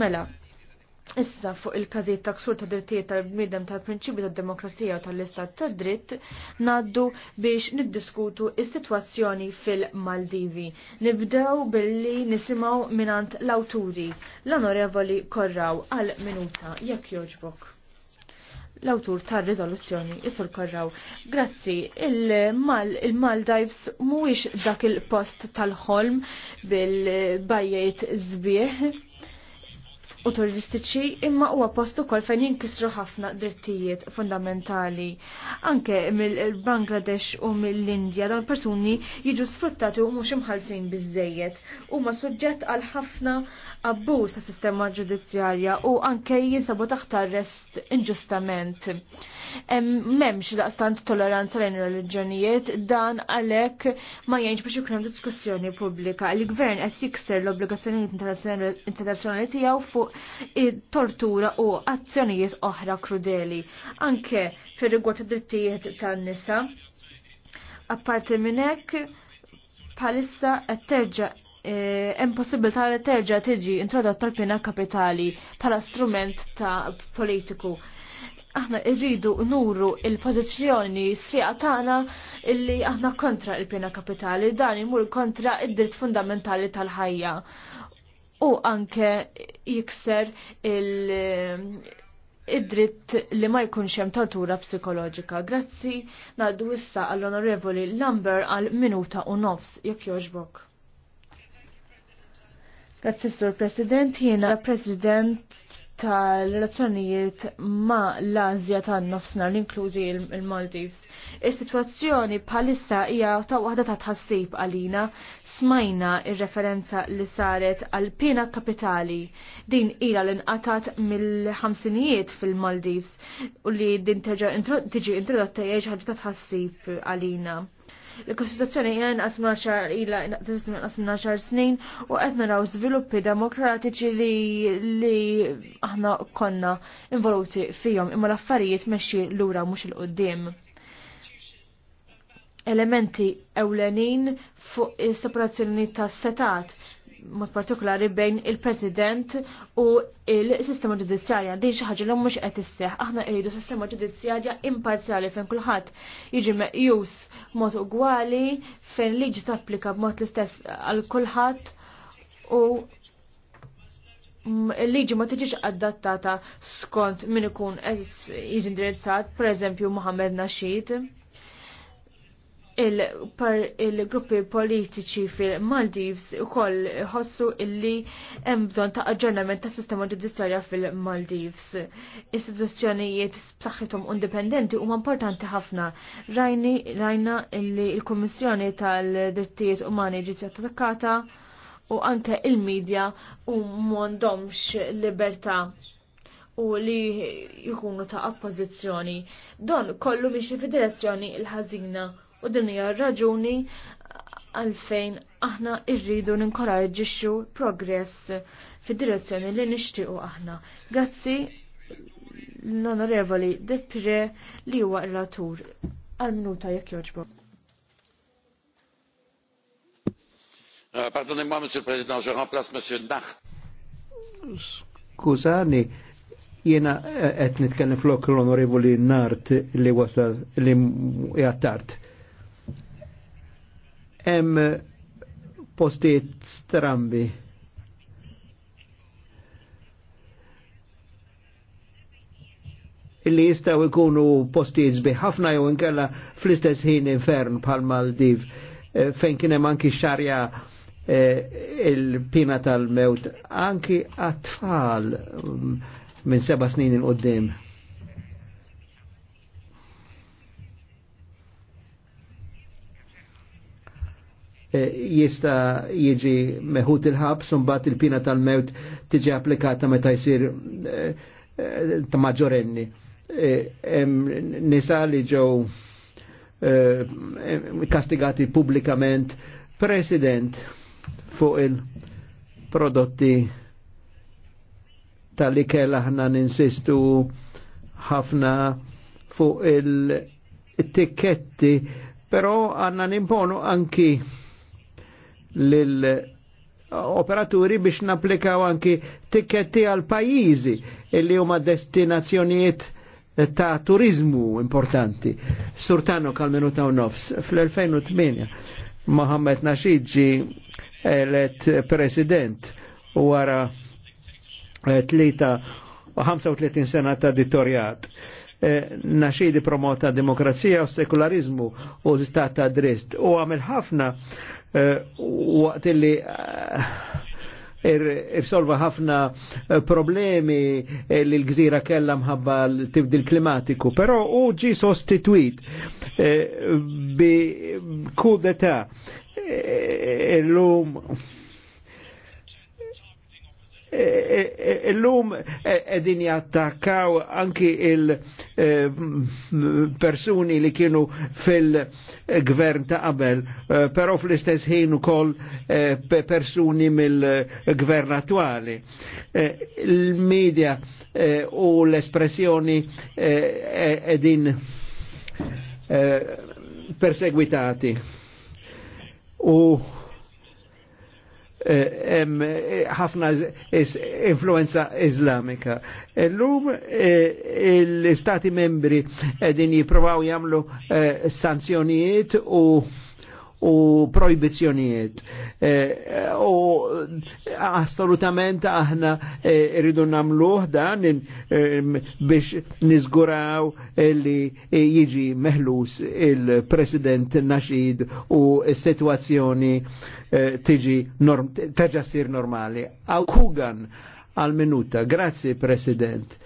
Mela, Issa fuq il-każijiet ta' ksur ta' drittijiet tal-bniedem tal-prinċipju tad-demokrazija u tal-istat ta' dritt naddu biex niddiskutu is-sitwazzjoni fil-Maldivi. Nibdew billi nisimgħu minant l-awturi l-Onorevoli Korraw għal minuta jekk joġbok l-awtur tar rizoluzzjoni Isur Korraw. Grazzi, il-Maldives il mhuwiex dak il-post tal-ħolm bil-bajjiet zbieħ u turistiċi imma huwa post ukoll fejn jinkisru ħafna drittijiet fundamentali. Anke mill-Bangladesh u mill-Indja dan persuni jiġu sfruttati u mhux imħallsin biżejjed. Huma suġġett għal ħafna abbuż tas sistema ġudizzjarja u anke jinsabu taħt arrest inġustament. M'hemmx daqstant toleranza lejn reliġjonijiet dan għalhekk ma jgħinx biex ikun hemm diskussjoni pubblika. Il-gvern qed jikser l-obbligazzjonijiet internazzjonali tiegħu fuq tortura u azzjonijiet oħra krudeli. Anke fir-rigward id-drittijiet tan-nisa. Apparti minn hekk, bħalissa qed terġa' impossibilità eh, li terġa' tiġi introdotta l-pena kapitali bħala strument ta' politiku. Aħna irridu nuru il-pożizzjoni sfiqa tagħna illi aħna kontra l-pena kapitali dan imur kontra id-dritt fundamentali tal-ħajja u anke jikser il- eh, id-dritt li ma jkunx hemm tortura psikoloġika. Grazzi, ngħaddu issa għall-Onorevoli Lamber għal minuta u nofs jekk jogħġbok. Grazzi, Sur President, jiena President tal-relazzjonijiet ma l-Azja tan nofsna l-inklużi il-Maldives. Is-sitwazzjoni bħalissa hija ta' waħda ta' tħassib għalina smajna ir-referenza li saret għal pena kapitali din ila l-inqatat mill-ħamsinijiet fil-Maldives u li din tiġi introdotta hija ħaġa ta' tħassib għalina. Il-Kostituzzjoni hija inqas minn xar ila minnqas minn xar snin u qed naraw żviluppi demokratiċi li li aħna konna involuti fihom imma l-affarijiet mexxi lura mhux il-qudiem elementi ewlenin fuq is separazzjoni tas setat mod partikolari bejn il-President u il-sistema ġudizzjarja. Din xi ħaġa li mhux qed isseħħ. Aħna rridu sistema ġudizzjarja imparzjali fejn kulħadd jiġi meqjus mod ugwali fejn liġi tapplika b'mod l-istess għal kulħadd u il-liġi ma tiġiġ adattata skont min ikun jiġi indirizzat, per eżempju Muhammad Nasheed il-gruppi il politiċi fil-Maldives u koll ħossu illi bżon ta' aġġornament ta' sistema ġudizzarja fil-Maldives. Istituzzjonijiet b'saħħithom indipendenti huma importanti ħafna. Rajni rajna illi l-Kummissjoni tal-Drittijiet Umani ġiet attakkata u anke il-medja u m'għandhomx libertà u li jkunu ta' oppożizzjoni. Don kollu miexi fi direzzjoni il-ħażina u din hija raġuni għalfejn aħna irridu ninkoraġġixxu progress fid-direzzjoni li nixtiequ aħna. Grazzi l-Onorevoli Depre li huwa ratur għal-minuta jekk joġbok. Euh, pardonnez-moi, Monsieur le Président, je remplace Monsieur Nacht. Skużani, jena eh, qed nitkellem flok l-Onorevoli Nart li wasal li għattart. Hemm postiet strambi. illi jistaw ikunu postiet zbi ħafna jew inkella fl-istess ħin infern bħal Maldiv eh, fejn kien hemm anki xarja eh, il-pina tal-mewt anki għat-tfal mm, minn seba snin il-qoddim. Eh, jista jieġi meħut il-ħabs un bat il-pina tal-mewt tiġi applikata meta jisir eh, eh, ta' maġorenni. Nisa li ġew kastigati publikament president fuq il-prodotti tal-li kella ħna ninsistu ħafna fuq il-tikketti, pero għanna nimponu anki lil operaturi biex naplikaw anki tiketti għal pajizi illi huma destinazzjonijiet ta' turizmu importanti. Surtano kalmenu ta' nofs. Fl-2008 Mohammed Nasheed ġi elet president wara 35 eh, sena ta' dittorjat Eh, naxidi promota demokrazija u sekularizmu u l-istat ta' drist. U għamil ħafna u għat li irsolva er, ħafna eh, problemi eh, li l-gżira kella mħabba l-tibdil klimatiku, pero u ġi sostituit eh, bi kudeta l-lum E, e, e, illum edin jattakaw anki il-persuni li kienu fil-gvern ta' qabel, però fl-istess ħin ukoll persuni mill-gvern attuali. Il-medja u l-espressjoni edin perseguitati. U uh. Eh, eh, ħafna influenza islamika. L-lum eh, l-istati membri din jipprovaw jamlu sanzjonijiet u u proibizjonijiet. E, u e, assolutament aħna e, irridu namluħ dan biex nizguraw li jiġi meħlus il-President Naxid u situazzjoni tiġi taġa sir normali. Aw Kugan għal-minuta. Grazie, President.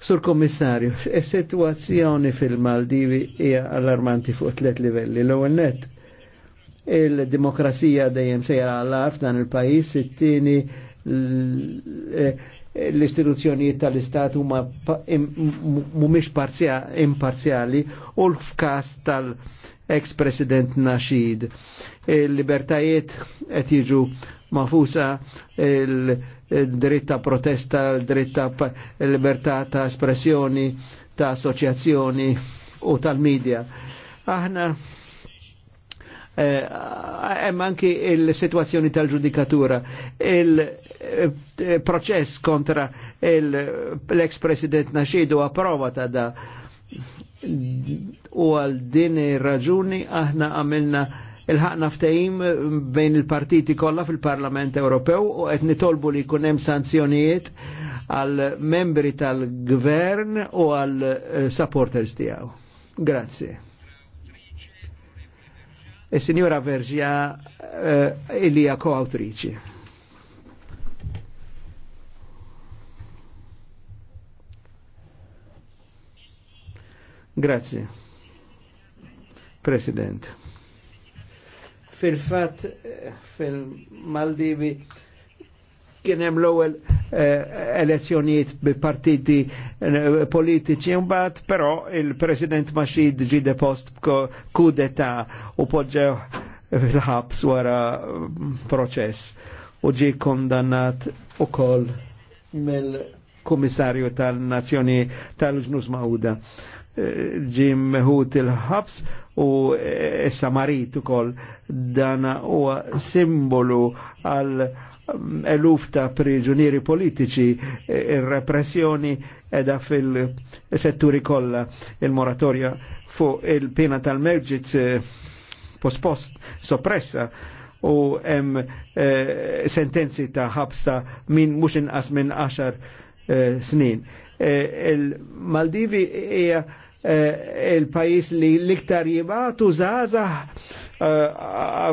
Sur Kommissarju, is-sitwazzjoni fil-Maldivi hija allarmanti fuq tliet livelli. L-ewwel net il-demokrazija dejjem sejra għallar f'dan il-pajjiż, it-tieni l-istituzzjonijiet tal-Istat huma mhumiex imparzjali u l-fkas tal-ex-President Nasheed. Il-libertajiet qed jiġu mafusa il-dritta protesta, il-dritta libertà ta' espressjoni, ta' assoċjazzjoni u tal-medja. Aħna eh, hemm eh, anki il situazzjoni tal-ġudikatura, il-proċess kontra l-ex president Nashidu approva ta' da u għal din raġuni aħna għamilna il-ħakna ftehim bejn il-partiti kollha fil-Parlament Ewropew u qed nitolbu li jkun hemm sanzjonijiet għal membri tal-gvern u għal eh, supporters tiegħu. Grazie. e signora Verġja elia eh, coautrici. Grazie. Presidente. Fil-fat, eh, fil-Maldivi, kien hemm l-ewwel eh, elezzjonijiet bi partiti eh, politiċi mbagħad però il-President Mashid ġi post kudeta u poġġew fil-ħabs wara mm, proċess u ġi kondannat u ukoll mill-Kummissarju tal-Nazzjoni tal-Ġnus Mawda ġim meħut il-ħabs u eh, issa marit ukoll dan huwa simbolu għal mm, eluf ta' priġunieri politiċi, eh, il-repressjoni edha fil-setturi kolla il-moratorja fu il-pena tal-mewġit eh, pospost soppressa u em eh, sentenzi ta' ħabsta minn mhux inqas minn 10 eh, snin. Eh, Il-Maldivi hija e Eh, il-pajis li liktar jibatu zazah eh,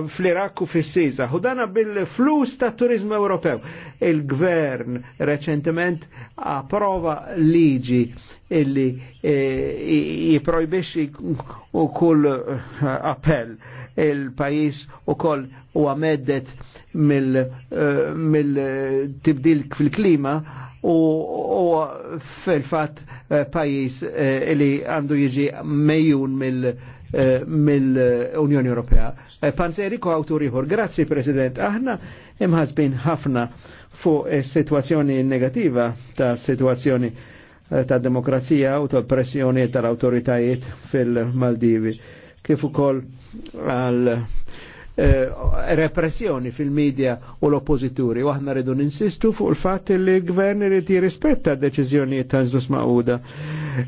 fl-Irak u fil-Siza. U dana bil-flus ta' turizmu Ewropew. Il-gvern reċentement approva liġi illi eh, jiprojbixi u kull appell il-pajis u koll u għameddet mill-tibdil fil-klima u fil-fat eh, pajis eh, li għandu jiġi mejjun eh, mill-Unjoni Ewropea. Panzerico Autoriħor, grazzi President, aħna imħazbin ħafna fuq situazzjoni negativa ta' situazzjoni ta' demokrazija u ta' pressjoni tal-autoritajiet fil-Maldivi. Kif ukoll għal Eh, repressjoni fil-medja u l-oppozituri. U aħna rridu ninsistu fuq il fat li l-gvern irid jirrispetta d-deċiżjonijiet ta' ġus Mauda,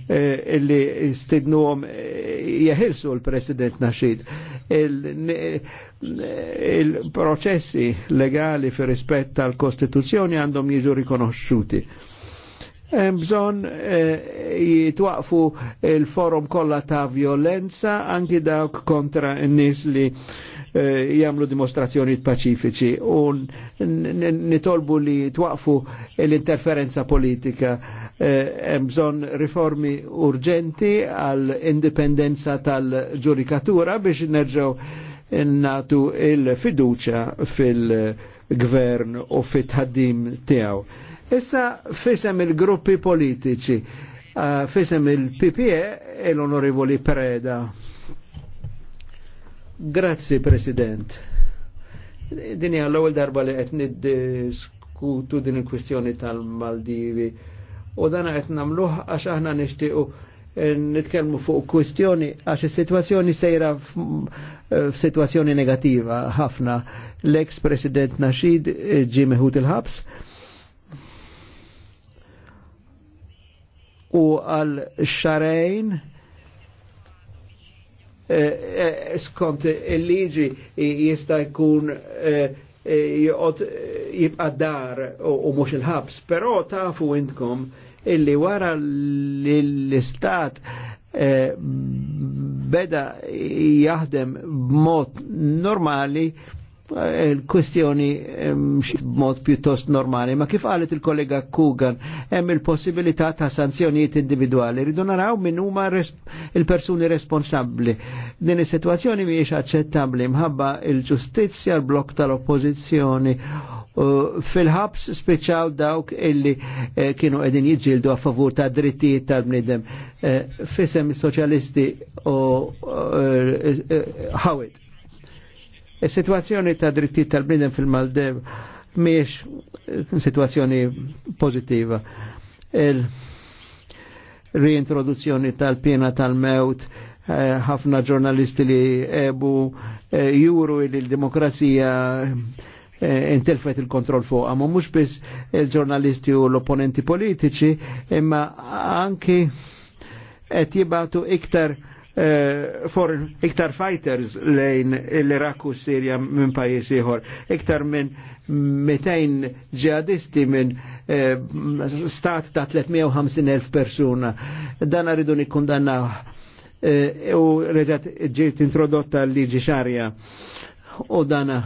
eh, illi għom eh, jahilsu l-President Nasheed. Il-proċessi legali fil-rispetta l-Kostituzjoni għandhom jiġu rikonoxxuti bżon eh, jitwaqfu il-forum kollha ta' violenza anki dawk kontra n-nies li eh, jamlu dimostrazzjoni paċifiċi u nitolbu li twaqfu l-interferenza politika eh, bżon riformi urġenti għal indipendenza tal-ġurikatura biex nerġaw natu il-fiduċa fil-gvern u fit-ħaddim tijaw. Issa fisem il-gruppi politiċi, uh, fisem il-PPE e l-Onorevoli Preda. Grazzi, President. Dini għallu l-ewwel darba li qed niddiskutu din il-kwistjoni tal-Maldivi u dan qed nagħmluh għax aħna nixtiequ eh, nitkellmu fuq kwistjoni għax il sitwazzjoni sejra eh, f'sitwazzjoni negativa ħafna. L-ex-President Nasheed ġie eh, meħut il-ħabs u għal xarajn eh, eh, skont il-liġi jista' jkun eh, jibqa' dar u mux il-ħabs, pero tafu intkom illi wara l-istat beda jaħdem b'mod normali il-kwestjoni b'mod pjuttost normali, ma kif qalet il-kollega Kugan, hemm il-possibilità ta' sanzjonijiet individuali, rridu naraw minn huma il-persuni responsabbli. Din is-sitwazzjoni mhijiex aċċettabbli mħabba il-ġustizzja l-blok tal-oppożizzjoni fil-ħabs speċaw dawk illi eh, kienu qegħdin jiġġieldu a favur ta' drittijiet tal-bniedem. Eh, fisem is-soċjalisti u eh, ħawit Is-sitwazzjoni ta' dritti tal bnidem fil-Maldev miex situazzjoni pozitiva. il reintroduzzjoni tal-pjena tal-mewt, eh, ħafna ġurnalisti li ebu eh, juru il-demokrazija eh, intelfet il-kontroll fuq. Ma mux biss il-ġurnalisti u l-opponenti politiċi, imma anki qed jibatu iktar Eh, for iktar fighters lejn l-Iraq u Sirja minn pajis ieħor. Iktar minn 200 ġihadisti minn eh, stat ta' 350.000 persuna. Dan rridu nikkundannaw. Eh, u reġat ġiet introdotta l-liġi xarja u dana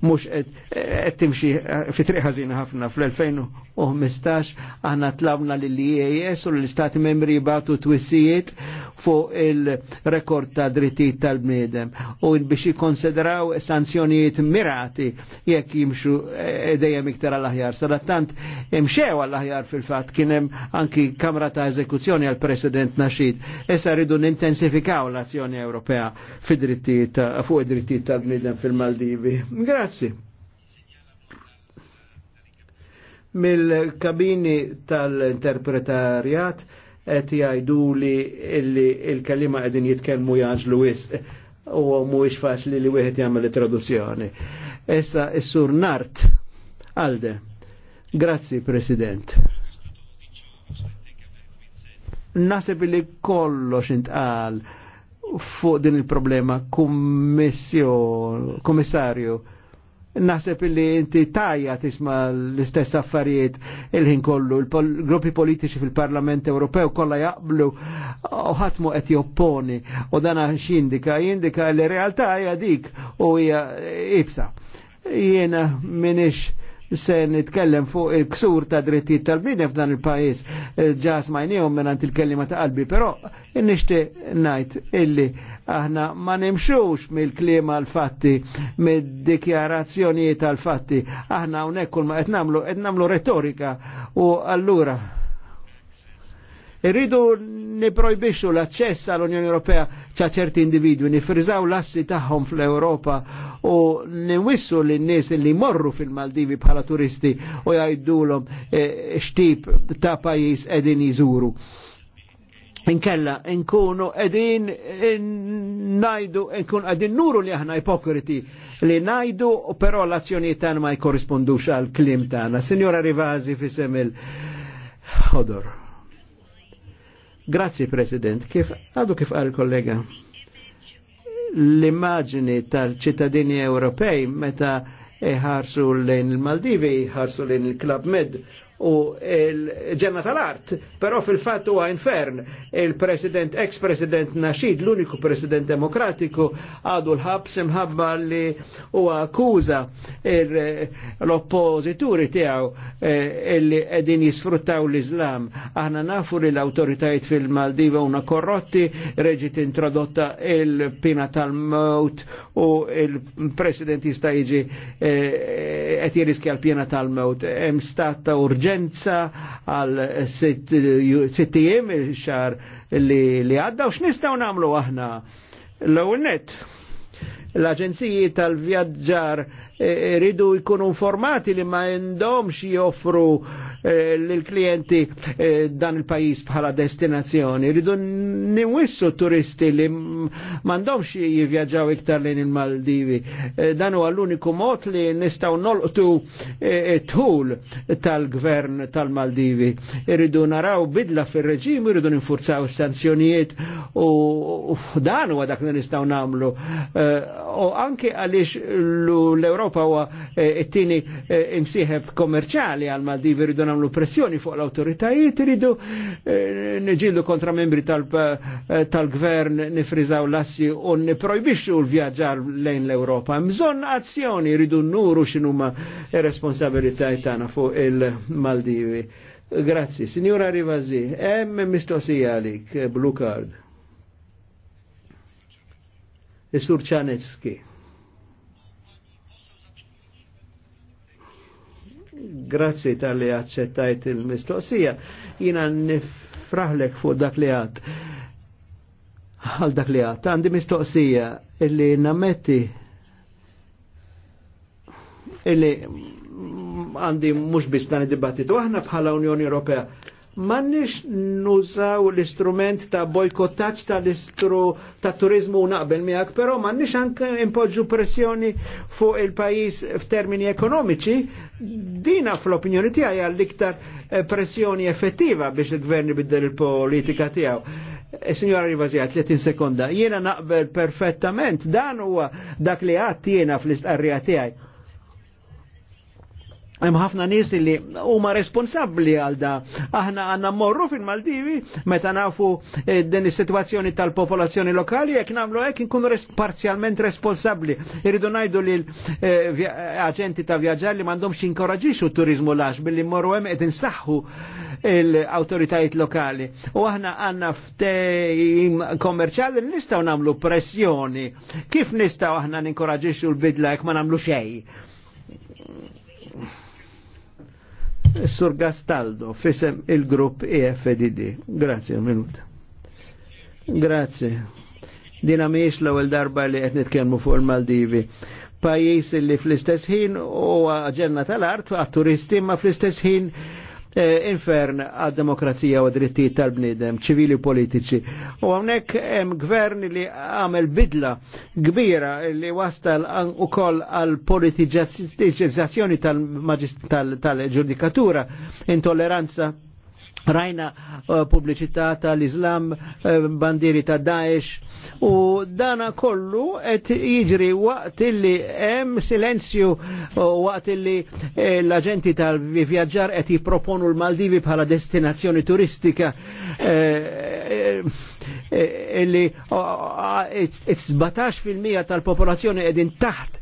mux qed timxi fi triq ħażin ħafna fl-2015 aħna tlabna lill-IAS u l-Istati Membri jibatu twissijiet fuq il-rekord ta' drittijiet tal-bniedem u biex jikonsideraw sanzjonijiet mirati jekk jimxu eh, dejjem iktar għall-aħjar. Sadattant imxew għall-aħjar fil-fat hemm anki kamra ta' eżekuzzjoni għal-President Nasheed. Issa rridu nintensifikaw l-azzjoni Ewropea fuq id-drittijiet tal-bniedem fil-Maldivi. Grazzi mill-kabini tal-interpretarjat qed jgħidu li il kalima qegħdin jitkellmu jaġlu wisq u mu faċli li wieħed jagħmel it-traduzzjoni. Issa is-sur Nart Alde. Grazzi President. Naseb li kollox intqal fuq din il-problema kummissarju naħseb illi inti tajja tisma l-istess affarijiet il-ħin kollu. Il-gruppi politiċi fil-Parlament Ewropew kollha jaqblu u ħatmu qed jopponi u dana x'indika jindika li realtà hija dik u hija ibsa. Jiena minix se nitkellem fuq il-ksur ta' drittijiet tal-bniedem f'dan il-pajis eh, ġa smajnijom minnant il-kellima ta' qalbi, però nishti najt illi aħna ma nimxux mill-klima l-fatti, mid-dikjarazzjonijiet tal-fatti, aħna hawnhekk kull ma qed nagħmlu qed retorika u allura. Irridu niprojbixxu l-aċċess għall-Unjoni Ewropea ċa ċerti individwi, nifriżaw l-assi tagħhom fl-Ewropa u nwissu l nies li morru fil-Maldivi bħala turisti u jajdulom eh, xtip ta' pajjiż qegħdin jizuru. inkella inkunu edin eh, najdu, inkun edin nuru li aħna ipokriti li najdu, però l-azzjoni tan ma jkorrispondux għal klim tana. Signora Rivazi fisem il-ħodor. Grazzi, President. Kif għadu kif għal kollega? l immagini tal-ċittadini Ewropej meta iħarsu lejn il-Maldivi, ħarsu lejn il-Klab Med u l-ġenna tal-art, però fil fat huwa infern il-president, ex-president Naxid, l-uniku president demokratiku, għadu l-ħabs imħabba li huwa akkuża l-oppozituri tiegħu eh, li qegħdin jisfruttaw l-Islam. Aħna nafu li l-awtoritajiet fil-Maldiva una korrotti, reġit introdotta il-pina tal-mewt u il-president jista' jiġi eh, qed jiriskja l-pina tal-mewt. Hemm stat ta' urġenza l-urġenza għal sittijiem il-xar li għadda u x'nistgħu namlu aħna l-ewwel net. L-aġenziji tal-vjaġġar iridu e, e, jkunu informati li ma jindomx joffru Eh, l-klienti eh, dan il-pajis bħala destinazzjoni. Ridu niwissu turisti li mandomx jivjaġaw iktar lejn il-Maldivi. Eh, dan huwa l-uniku mod li nistaw nolqtu tħul tal-gvern tal-Maldivi. Ridu naraw bidla fil-reġim, irridu ninfurzaw sanzjonijiet u dan huwa dak li nistaw namlu. U anke għaliex l-Europa huwa it-tieni imsieħeb kommerċali għal-Maldivi namlu pressjoni fuq l autoritajiet iridu eh, niġildu kontra membri eh, tal-gvern nifrizaw l-assi u niprojbixxu l-vjaġġar lejn l-Ewropa. Mżon azzjoni iridu nuru x'inhuma responsabilitajiet tagħna fuq il-Maldivi. Grazzi. Signora Rivazi, hemm mistoqsija għalik, eh, Blue Card. Isur Czanecki. grazzi tal-li għacċettajt il-mistoqsija. Jina nifraħlek fuq dak li għad. Għal dak li għad. Għandi mistoqsija illi nammetti illi għandi mux biex dan id-dibattitu. Aħna bħala Unjoni Ewropea mannix nużaw l-istrument ta' bojkottaċ ta' l-istru ta' turizmu naqbel miegħek, però mannix anke impoġġu pressjoni fuq il-pajis f'termini ekonomiċi, dina fl-opinjoni tiegħi għall-iktar eh, pressjoni effettiva biex il-gvern biddel il-politika tiegħu. E signora Rivazija, 30 sekonda, jiena naqbel perfettament, dan huwa dak li għat jiena fl-istqarrija tiegħi Hemm ħafna nies li huma responsabbli għal da. Aħna għandna morru fil-Maldivi meta nafu eh, din is-sitwazzjoni tal-popolazzjoni lokali jekk nagħmlu hekk inkunu parzjalment responsabbli. Irridu ngħidu lil eh, aġenti ta' vjaġġar li m'għandhomx inkoraġixxu turizmu lax billi morru hemm qed insaħħu l-awtoritajiet lokali. U aħna għandna ftehim kommerċjali li nistgħu nagħmlu pressjoni. Kif nistgħu aħna ninkoraġixxu l-bidla jekk ma nagħmlu xejn? Sur Gastaldo, fisem il-grupp EFDD. Grazie, minuta. Grazie. Dina miex l-ewwel darba li qed nitkellmu fuq il-Maldivi. Pajjiż li fl-istess ħin huwa ġenna tal-art għat-turisti ma fl-istess ħin E, infern għad-demokrazija u drittijiet tal-bnidem, ċivili politiċi. U għamnek hemm gvern li għamel bidla kbira li wastal u koll għal politiċizzazzjoni tal-ġudikatura, intolleranza rajna eh, pubbliċità tal-Islam, eh, bandiri ta' Daesh u dana kollu qed jiġri waqt illi hemm silenzju eh, waqt illi l-aġenti tal vivjaġġar qed jipproponu l-Maldivi bħala destinazzjoni turistika Eh, illi 17% tal-popolazzjoni edin taħt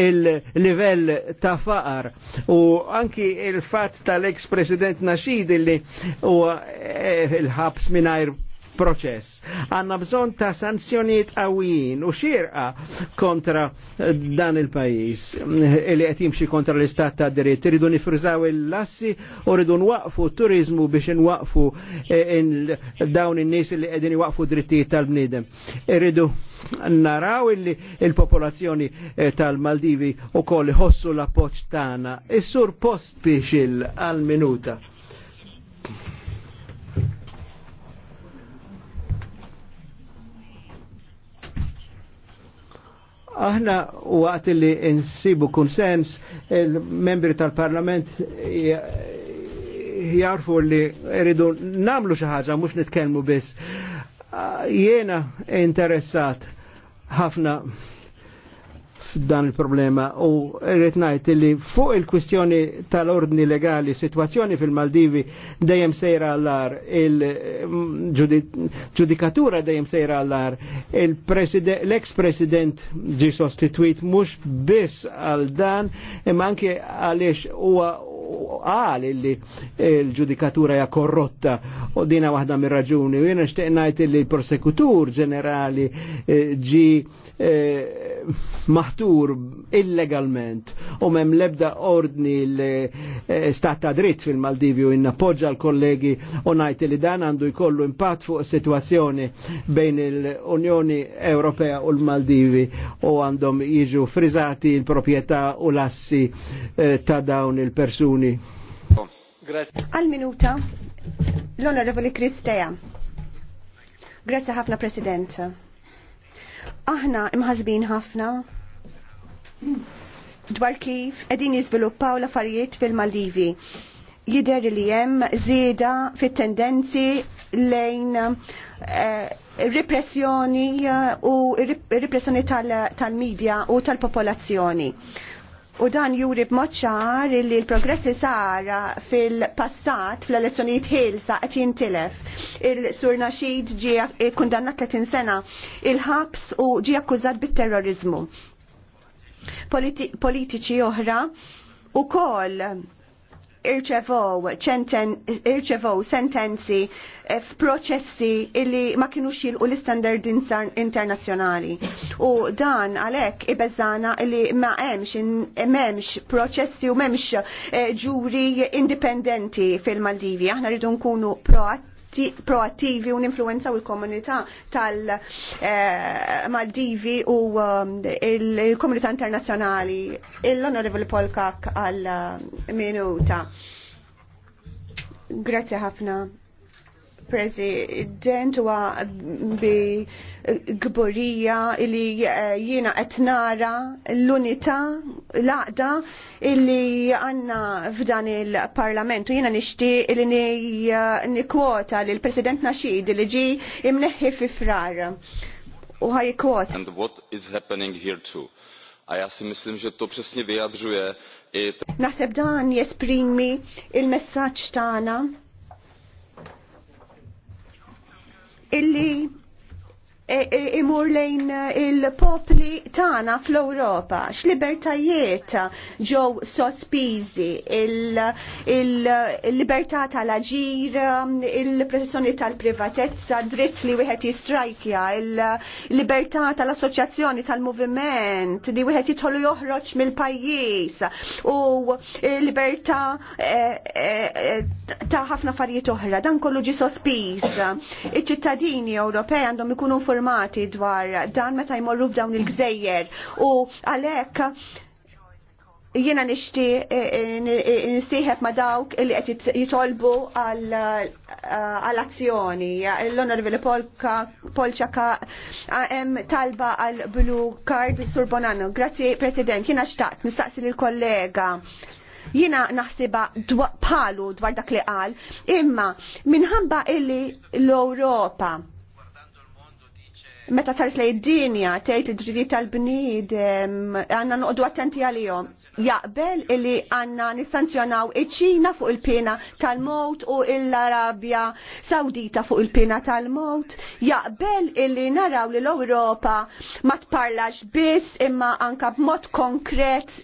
il-livell ta' faqar u anki il-fat tal-ex-president Nasheed illi u eh, il-ħabs minajr proċess. Għanna bżon ta' sanzjoniet għawin u xirqa kontra eh, dan il-pajis li qed jimxi kontra l-istat ta' dritt. Ridu nifrużaw il-lassi u rridu nwaqfu turizmu biex nwaqfu eh, dawn in-nies li qegħdin iwaqfu drittijiet tal-bniedem. Irridu naraw illi il-popolazzjoni eh, tal-Maldivi u koll ħossu l-appoċ tana. Is-sur post għal-minuta. Aħna waqt li insibu konsens il-membri tal-parlament jarfu li rridu namlu xi ħaġa mhux nitkellmu biss. Jiena interessat ħafna Dan il-problema u rritnajt li fuq il-kwistjoni tal-ordni legali situazzjoni fil-Maldivi dejjem sejra għallar il-ġudikatura dejjem sejra għallar l-ex-president ġi sostituit mux biss għal dan imma anke għalix huwa qal illi l-ġudikatura hija korrotta u dina waħda mir-raġuni u jiena nixtieq illi l-prosekutur ġenerali eh, ġi eh, maħtur illegalment u mem lebda ordni l-stat eh, ta' dritt fil-Maldivi u innappoġġa l-kollegi u najt li dan għandu jkollu impatt fuq situazzjoni bejn l-Unjoni Ewropea u l-Maldivi u għandhom jiġu frizzati l propieta u l-assi eh, ta' dawn il-persuni. Għal-minuta, l-Onorevoli Kristeja. Grazie ħafna, President aħna imħazbin ħafna dwar kif edin jizviluppaw l-affarijiet fil-Maldivi. Jider li jem zida fit-tendenzi lejn eh, repressjoni eh, u repressjoni tal-medja u tal-popolazzjoni. U dan juri b'moċċar li l-progressi sar fil-passat fl-elezzjonijiet ħilsa qed jintilef. Il-Sur Naxid ġie kundannat 30 sena il-ħabs u ġie akkużat bit-terrorizmu politi politiċi oħra u kol irċevow senten sentenzi eh, f'proċessi illi ma xil jilqu l-istandard internazzjonali. U dan għalhekk ibeżana illi ma hemmx m'hemmx proċessi u m'hemmx eh, ġuri indipendenti fil-Maldivi. Aħna rridu nkunu proattivi proattivi u ninfluenzaw il-komunità tal-Maldivi u eh, um, il-komunità internazzjonali. Il-Onorevoli Polkak għal eh, minuta. Grazie ħafna. President huwa bi gburija li eh, jiena qed nara l-unità laqda illi għanna f'dan il-parlamentu jiena nixtieq li nikwota l President Naxid li ġi imneħħi fi frar. U ħaj kwota. And what is happening here too? A ja si myslím, že to přesně vyjadřuje i... dan jesprimi il-messaġġ tagħna illi E, e, imur lejn e, il-popli tana fl-Europa, x-libertajiet ġew sospizi, il-libertà il tal-aġir, il-protezzjoni tal-privatezza, dritt li wieħed jistrajkja, il-libertà tal-assoċjazzjoni tal-moviment, li wieħed jidħolu joħroġ mill-pajjiż u libertà ta' ħafna affarijiet oħra, dan kollu ġi sospiż. Iċ-ċittadini Ewropej għandhom ikunu informati dwar dan meta jmorru f'dawn il-gżejjer u għalhekk jiena nixti eh, eh, nistieħeb ma dawk li qed jitolbu għal eh, azzjoni. L-Onorevoli Polċa hemm talba għal Blue Card Sur Bonanno. Grazzi President, jiena xtaqt nistaqsi lill kollega jina naħsiba palu dwar dak li qal, imma minħabba illi l-Europa meta li lej dinja tgħid id-drittijiet tal-bniedem għandna noqogħdu attenti għalihom. Jaqbel illi għandna nissanzjonaw iċ-Ċina fuq il pina tal-mowt u l-Arabja Sawdita fuq il pina tal-mowt. Jaqbel illi naraw li l-Ewropa ma tparlax biss imma anka b'mod konkret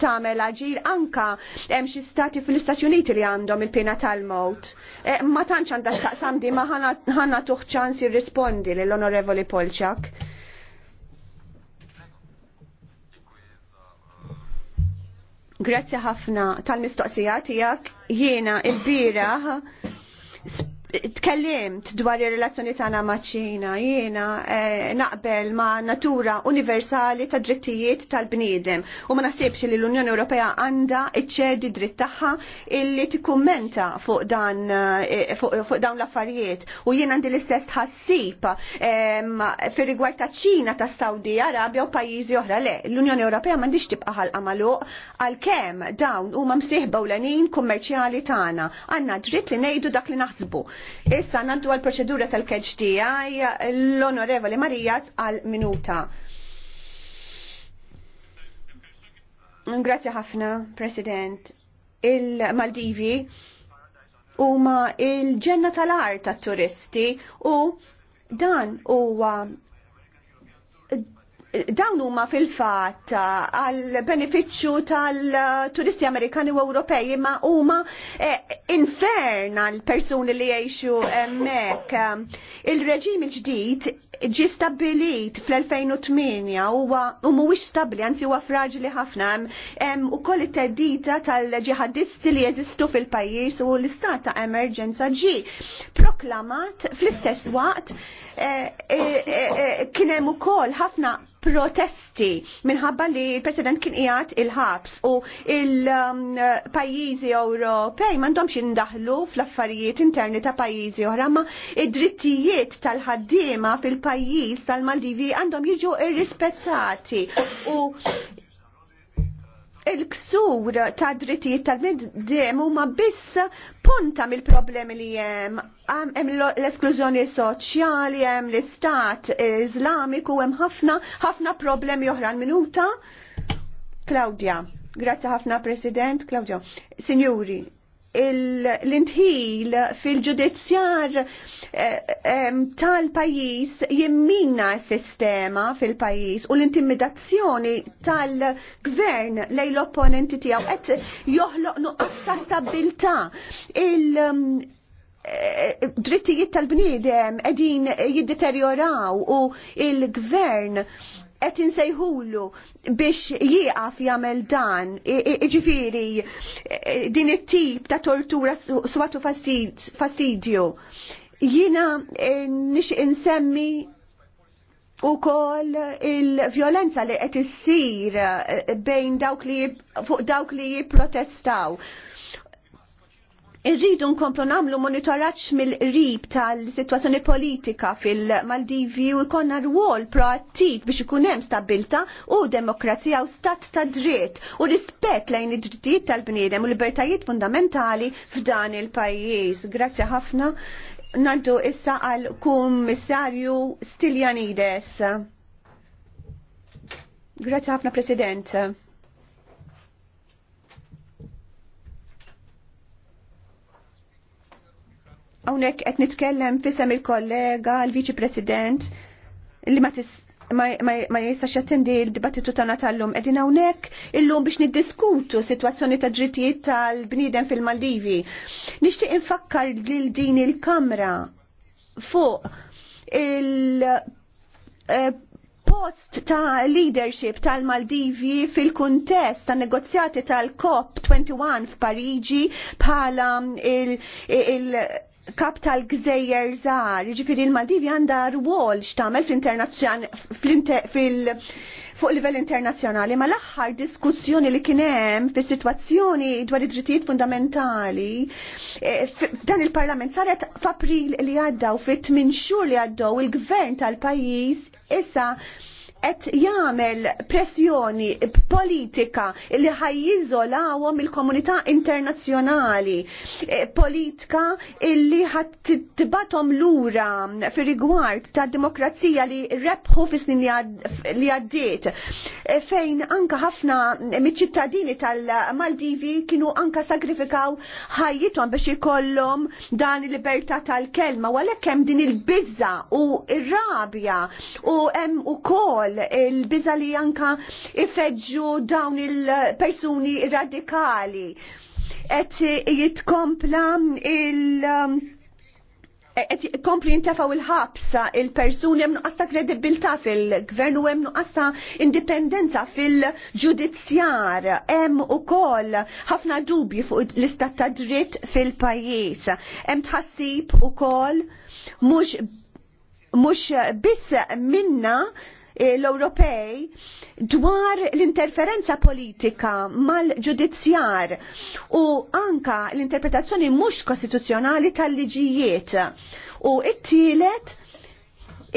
tagħmel aġir anka hemm xi stati fl-Istati Uniti li għandhom il pina tal-mowt. Eh, ma tantx għandha x'taqsam di ma ħana tuħ ċans jirrispondi lill-Onorevoli Pol. Polċak. Grazzi ħafna tal-mistoqsija tiegħek. Jiena il bira tkellimt dwar ir-relazzjoni tagħna maċ-Ċina, jiena eh, naqbel ma' natura universali ta' drittijiet tal-bniedem u ma naħsibx li l-Unjoni Ewropea għandha iċċedi dritt tagħha illi tikkummenta fuq dan eh, fuq dawn l-affarijiet u jiena għandi l-istess tħassib ehm, fir-rigward ta' Ċina ta' Saudi Arabja u pajjiżi oħra le. L-Unjoni Ewropea m'għandix tibqa' ħalqa magħluq għalkemm dawn huma msieħba u kummerċjali tagħna. Għandna dritt li ngħidu dak li naħsbu Issa nandu għal proċedura tal-catch DI l-Onorevoli Marijas għal minuta. Grazie ħafna, President. Il-Maldivi huma il-ġenna tal-art tat-turisti u dan huwa dawn huma fil-fatt għal benefiċċju tal-turisti Amerikani u Ewropej ma huma eh, infern għal persuni li jgħixu hemmhekk. Il-reġim il-ġdid ġi stabilit fl-2008 huwa u mhuwiex stabbli anzi huwa fraġli ħafna hemm ukoll it-teddita tal-ġihadisti li jeżistu fil-pajjiż u l-istat ta' emerġenza ġi proklamat fl-istess waqt eh, eh, kien hemm ukoll ħafna protesti minħabba li l-President kien qiegħed il-ħabs u il-pajjiżi um, Ewropej m'għandhomx indaħlu fl-affarijiet interni ta' pajjiżi oħra ma id-drittijiet tal-ħaddiema fil-pajjiż tal-Maldivi għandhom jiġu irrispettati u il-ksur ta' drittijiet tal-bnedem huma biss punta mill-problemi li hemm hemm l-esklużjoni soċjali, hemm l-istat iżlamiku, hemm ħafna ħafna problemi oħra minuta. Klaudja, grazzi ħafna President, Klaudja. Sinjuri, l-intħil fil-ġudizzjar tal-pajis jimmina s-sistema fil-pajis u l-intimidazzjoni tal-gvern lej l-opponenti tijaw et joħloq nuqqas ta' stabilta il- drittijiet tal-bniedem edin jiddeterjoraw u il-gvern qed insejhullu biex jieqaf jagħmel dan, ġifiri din it-tip ta' tortura swatu fastidju. Jina eh, nix insemmi u kol il-violenza li qed issir eh, bejn dawk li fuq dawk li jipprotestaw. Irridu nkomplu namlu monitoraġġ mill-qrib tal-sitwazzjoni politika fil-Maldivi u jkollna rwol proattiv biex ikun hemm stabilta u demokrazija u stat ta' dritt u rispett lejn id-drittijiet tal-bniedem u libertajiet fundamentali f'dan il-pajjiż. Grazzi ħafna. Nantu issa għal kummissarju Stiljanides. Grazie ħafna President. Hawnhekk qed nitkellem il-kollega l-Viċi President li ma ma jistax jattendi l-dibattitu tagħna tal-lum. Qegħdin hawnhekk illum biex niddiskutu sitwazzjoni ta' drittijiet tal-bniedem fil-Maldivi. Nixtieq infakkar lil din il-Kamra fuq il- eh, post ta' leadership tal-Maldivi fil-kuntest ta' negozjati tal-COP 21 f'Pariġi bħala il-, il kap tal-gżejjer żgħar, jiġifieri l-Maldivi għandha rwol x'tagħmel fl fuq livell internazzjonali, ma l-aħħar diskussjoni li kien hemm fis-sitwazzjoni dwar id-drittijiet fundamentali eh, Dan il-Parlament saret f'April li għaddaw fit-8 xhur li għaddew il-Gvern tal-pajjiż issa qed jagħmel pressjoni politika li ħajjiżolawhom il-komunità internazzjonali, e, politika illi ħadd tibathom lura fir-rigward tad demokrazija li rebħu fis-snin li għaddiet e, fejn anka ħafna miċ-ċittadini tal-Maldivi kienu anka sagrifikaw ħajjithom biex ikollhom dan il-libertà tal-kelma u għalhekk hemm din il-bizza u ir-rabja u hemm ukoll ukoll il-biża li anka ifeġġu dawn il-persuni radikali Et jitkompla il- um, et kompli jintafaw il-ħabsa il-persuni hemm nuqqasta kredibilità fil-gvern u hemm indipendenza fil-ġudizzjar hemm ukoll ħafna dubji fuq l-istat ta' dritt fil-pajjiż. Hemm tħassib ukoll mhux mhux biss minna l-Ewropej dwar l-interferenza politika mal-ġudizzjar u anka l-interpretazzjoni mhux kostituzzjonali tal-liġijiet. U it-tielet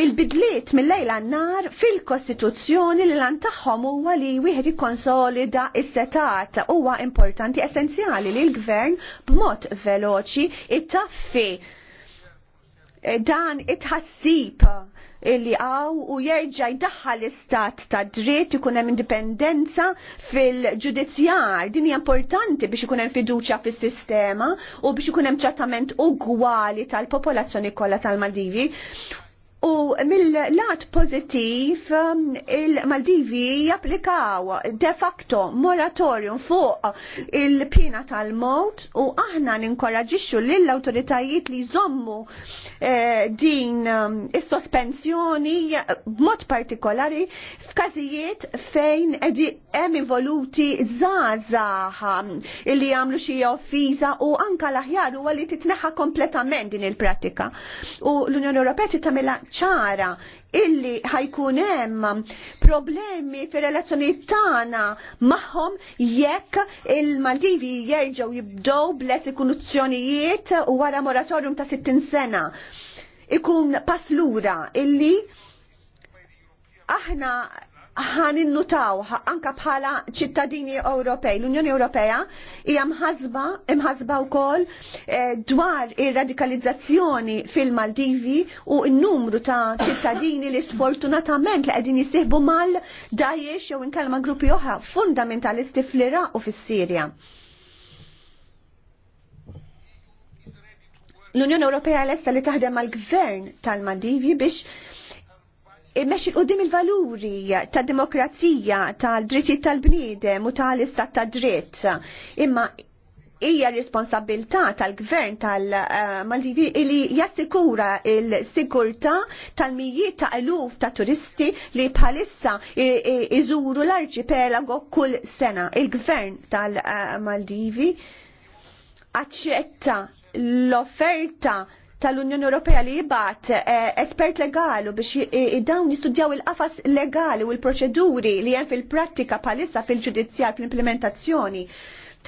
il-bidliet mill-lejla nar fil-Kostituzzjoni li lan tagħhom huwa li wieħed ikkonsolida s-setat huwa importanti essenzjali li l-gvern b'mod veloċi it-taffi dan itħassib illi għaw u jerġa jdaħħal l-istat ta' dritt ikun hemm indipendenza fil-ġudizzjar. Din hija importanti biex ikun hemm fiduċja fis-sistema u biex ikun hemm trattament ugwali tal-popolazzjoni kollha tal-Maldivi. U mill-lat pozitiv um, il-Maldivi japplikaw de facto moratorium fuq il-pina tal-mot u aħna ninkoraġixxu lill awtoritajiet li jżommu eh, din um, is-sospensjoni b'mod partikolari f'każijiet fejn hemm evoluti żgħażagħ li jagħmlu xi offiża u anka l-aħjar huwa li titneħħa kompletament din il-prattika. U l-Unjoni Ewropea tagħmilha ċara illi ħajkun hemm problemi fir-relazzjoni tagħna magħhom jekk il-Maldivi jerġgħu jibdew bless esekuzzjonijiet u wara moratorium ta' 60 sena. Ikun paslura illi aħna ħan innutaw anka bħala ċittadini Ewropej. L-Unjoni Ewropea hija mħasba, imħasba wkoll eh, dwar ir-radikalizzazzjoni fil-Maldivi u n-numru ta' ċittadini li sfortunatament li qegħdin jisieħbu mal-Daesh jew inkellma gruppi oħra fundamentalisti fl-Iraq u fis-Sirja. L-Unjoni Ewropea lesta li taħdem mal-Gvern tal-Maldivi biex imexxi qudiem il-valuri ta' demokrazija, ta' drittijiet tal-bniedem u tal-istat ta' dritt. Imma hija responsabilità tal-gvern tal-Maldivi li jassikura il-sigurtà tal-mijiet ta' eluf ta' turisti li bħalissa iżuru l-arċipelago kull sena. Il-gvern tal-Maldivi aċċetta l-offerta tal-Unjoni Ewropea li jibat eh, espert legalu biex dawn jistudjaw il-qafas legali u l-proċeduri li hemm fil-prattika palissa fil-ġudizzjar fl-implementazzjoni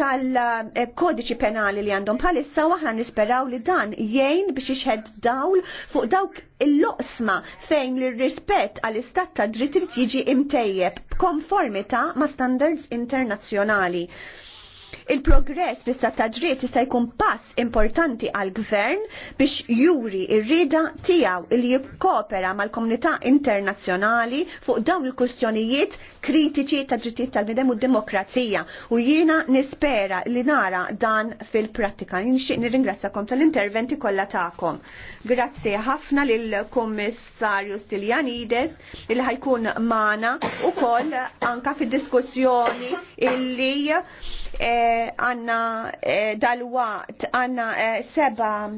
tal-kodiċi penali li għandhom palissa u aħna nisperaw li dan jgħin biex ixħed dawl fuq dawk il-loqsma fejn li rispett għall-istat ta' dritt jiġi imtejjeb b'konformità ma' standards internazzjonali. Il-progress fis ta' jista' jkun pass importanti għal gvern biex juri r rida tiegħu li jikkopera mal-komunità internazzjonali fuq dawn il-kustjonijiet kritiċi ta' drittijiet tal-bidem u demokrazija u jiena nispera li nara dan fil-prattika. Nixtieq nirringrazzakom tal-interventi kollha tagħkom. Grazzi ħafna lill-Kummissarju Stiljanides il ħajkun mana u koll anka fid-diskussjoni illi Eh, għanna eh, dal-waqt għanna eh, seba